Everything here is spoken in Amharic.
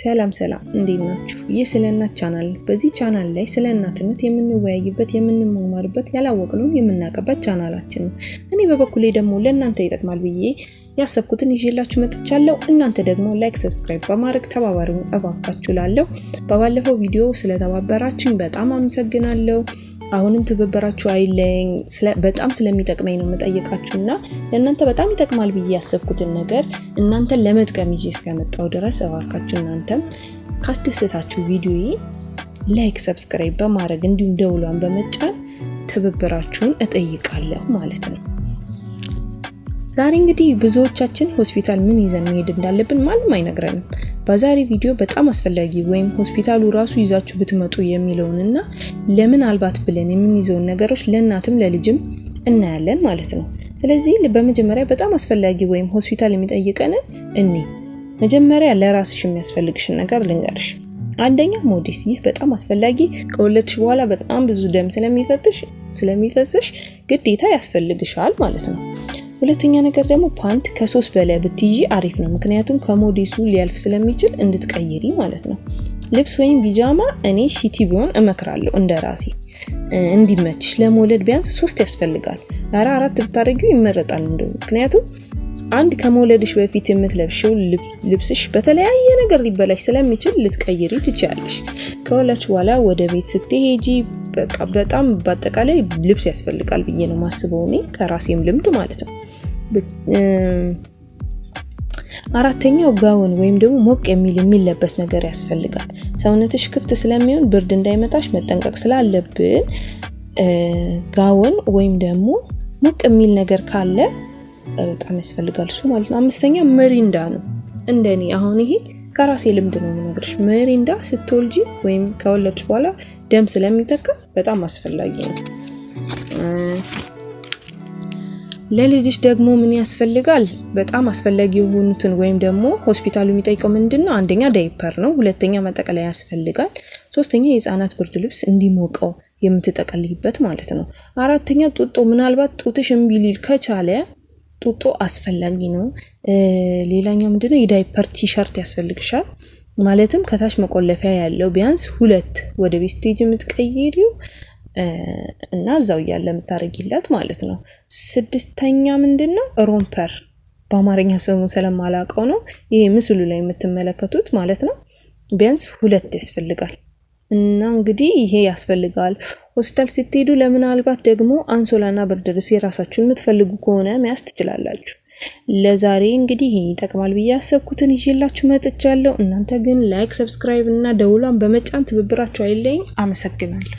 ሰላም ሰላም፣ እንዴት ናችሁ? ይህ ስለ እናት ቻናል ነው። በዚህ ቻናል ላይ ስለ እናትነት የምንወያይበት፣ የምንማማርበት፣ ያላወቅነውን የምናውቅበት ቻናላችን ነው። እኔ በበኩሌ ደግሞ ለእናንተ ይጠቅማል ብዬ ያሰብኩትን ይዤላችሁ መጥቻለሁ። እናንተ ደግሞ ላይክ፣ ሰብስክራይብ በማድረግ ተባባሪውን እባካችሁ በባለፈው ቪዲዮ ስለተባበራችሁኝ በጣም አመሰግናለሁ። አሁንም ትብብራችሁ አይለኝ። በጣም ስለሚጠቅመኝ ነው የምጠይቃችሁ እና ለእናንተ በጣም ይጠቅማል ብዬ ያሰብኩትን ነገር እናንተን ለመጥቀም ይዤ እስከመጣው ድረስ እባካችሁ እናንተም ካስደሰታችሁ ቪዲዮ ላይክ፣ ሰብስክራይብ በማድረግ እንዲሁም ደውሏን በመጫን ትብብራችሁን እጠይቃለሁ ማለት ነው። ዛሬ እንግዲህ ብዙዎቻችን ሆስፒታል ምን ይዘን መሄድ እንዳለብን ማንም አይነግረንም። በዛሬ ቪዲዮ በጣም አስፈላጊ ወይም ሆስፒታሉ ራሱ ይዛችሁ ብትመጡ የሚለውንና አልባት ብለን የምንይዘውን ነገሮች ለእናትም ለልጅም እናያለን ማለት ነው። ስለዚህ በመጀመሪያ በጣም አስፈላጊ ወይም ሆስፒታል የሚጠይቀንን እኔ መጀመሪያ ለራስሽ የሚያስፈልግሽን ነገር ልንገርሽ። አንደኛ ሞዴስ፣ ይህ በጣም አስፈላጊ ከወለድሽ በኋላ በጣም ብዙ ደም ስለሚፈትሽ ስለሚፈስሽ ግዴታ ያስፈልግሻል ማለት ነው። ሁለተኛ ነገር ደግሞ ፓንት ከሶስት በላይ ብትይ አሪፍ ነው። ምክንያቱም ከሞዴሱ ሊያልፍ ስለሚችል እንድትቀይሪ ማለት ነው። ልብስ ወይም ቢጃማ እኔ ሺቲ ቢሆን እመክራለሁ እንደ ራሴ እንዲመችሽ። ለመውለድ ቢያንስ ሶስት ያስፈልጋል። ኧረ አራት ብታደርጊው ይመረጣል። ምክንያቱም አንድ ከመውለድሽ በፊት የምትለብሽው ልብስሽ በተለያየ ነገር ሊበላሽ ስለሚችል ልትቀይሪ ትችያለሽ። ከወላች በኋላ ወደ ቤት ስትሄጂ በቃ በጣም በአጠቃላይ ልብስ ያስፈልጋል ብዬ ነው ማስበው እኔ ከራሴም ልምድ ማለት ነው። አራተኛው ጋውን ወይም ደግሞ ሞቅ የሚል የሚለበስ ነገር ያስፈልጋል። ሰውነትሽ ክፍት ስለሚሆን ብርድ እንዳይመታሽ መጠንቀቅ ስላለብን ጋውን ወይም ደግሞ ሞቅ የሚል ነገር ካለ በጣም ያስፈልጋል እሱ ማለት ነው። አምስተኛ መሪንዳ ነው። እንደኔ አሁን ይሄ ከራሴ ልምድ ነው የምነግርሽ። መሪንዳ ስትወልጂ ወይም ከወለድሽ በኋላ ደም ስለሚተካ በጣም አስፈላጊ ነው። ለልጅሽ ደግሞ ምን ያስፈልጋል? በጣም አስፈላጊ የሆኑትን ወይም ደግሞ ሆስፒታሉ የሚጠይቀው ምንድን ነው? አንደኛ ዳይፐር ነው፣ ሁለተኛ መጠቀለያ ያስፈልጋል፣ ሶስተኛ የህፃናት ብርድ ልብስ እንዲሞቀው የምትጠቀልይበት ማለት ነው። አራተኛ ጡጦ፣ ምናልባት ጡትሽ እምቢ ሊል ከቻለ ጡጦ አስፈላጊ ነው። ሌላኛው ምንድነው? የዳይፐር ቲሸርት ያስፈልግሻል። ማለትም ከታች መቆለፊያ ያለው ቢያንስ ሁለት ወደ ቤስቴጅ ስትሄጂ የምትቀይሪው እና እዛው እያለ የምታደርጊለት ማለት ነው። ስድስተኛ ምንድን ነው? ሮምፐር በአማርኛ ስሙ ስለማላውቀው ነው። ይሄ ምስሉ ላይ የምትመለከቱት ማለት ነው። ቢያንስ ሁለት ያስፈልጋል። እና እንግዲህ ይሄ ያስፈልጋል። ሆስፒታል ስትሄዱ ለምናልባት ደግሞ አንሶላና ብርድ ልብስ የራሳችሁን የምትፈልጉ ከሆነ መያዝ ትችላላችሁ። ለዛሬ እንግዲህ ይሄ ይጠቅማል ብዬ ያሰብኩትን ይዤላችሁ መጥቻለሁ። እናንተ ግን ላይክ፣ ሰብስክራይብ እና ደውሏን በመጫን ትብብራችሁ አይለኝ። አመሰግናለሁ።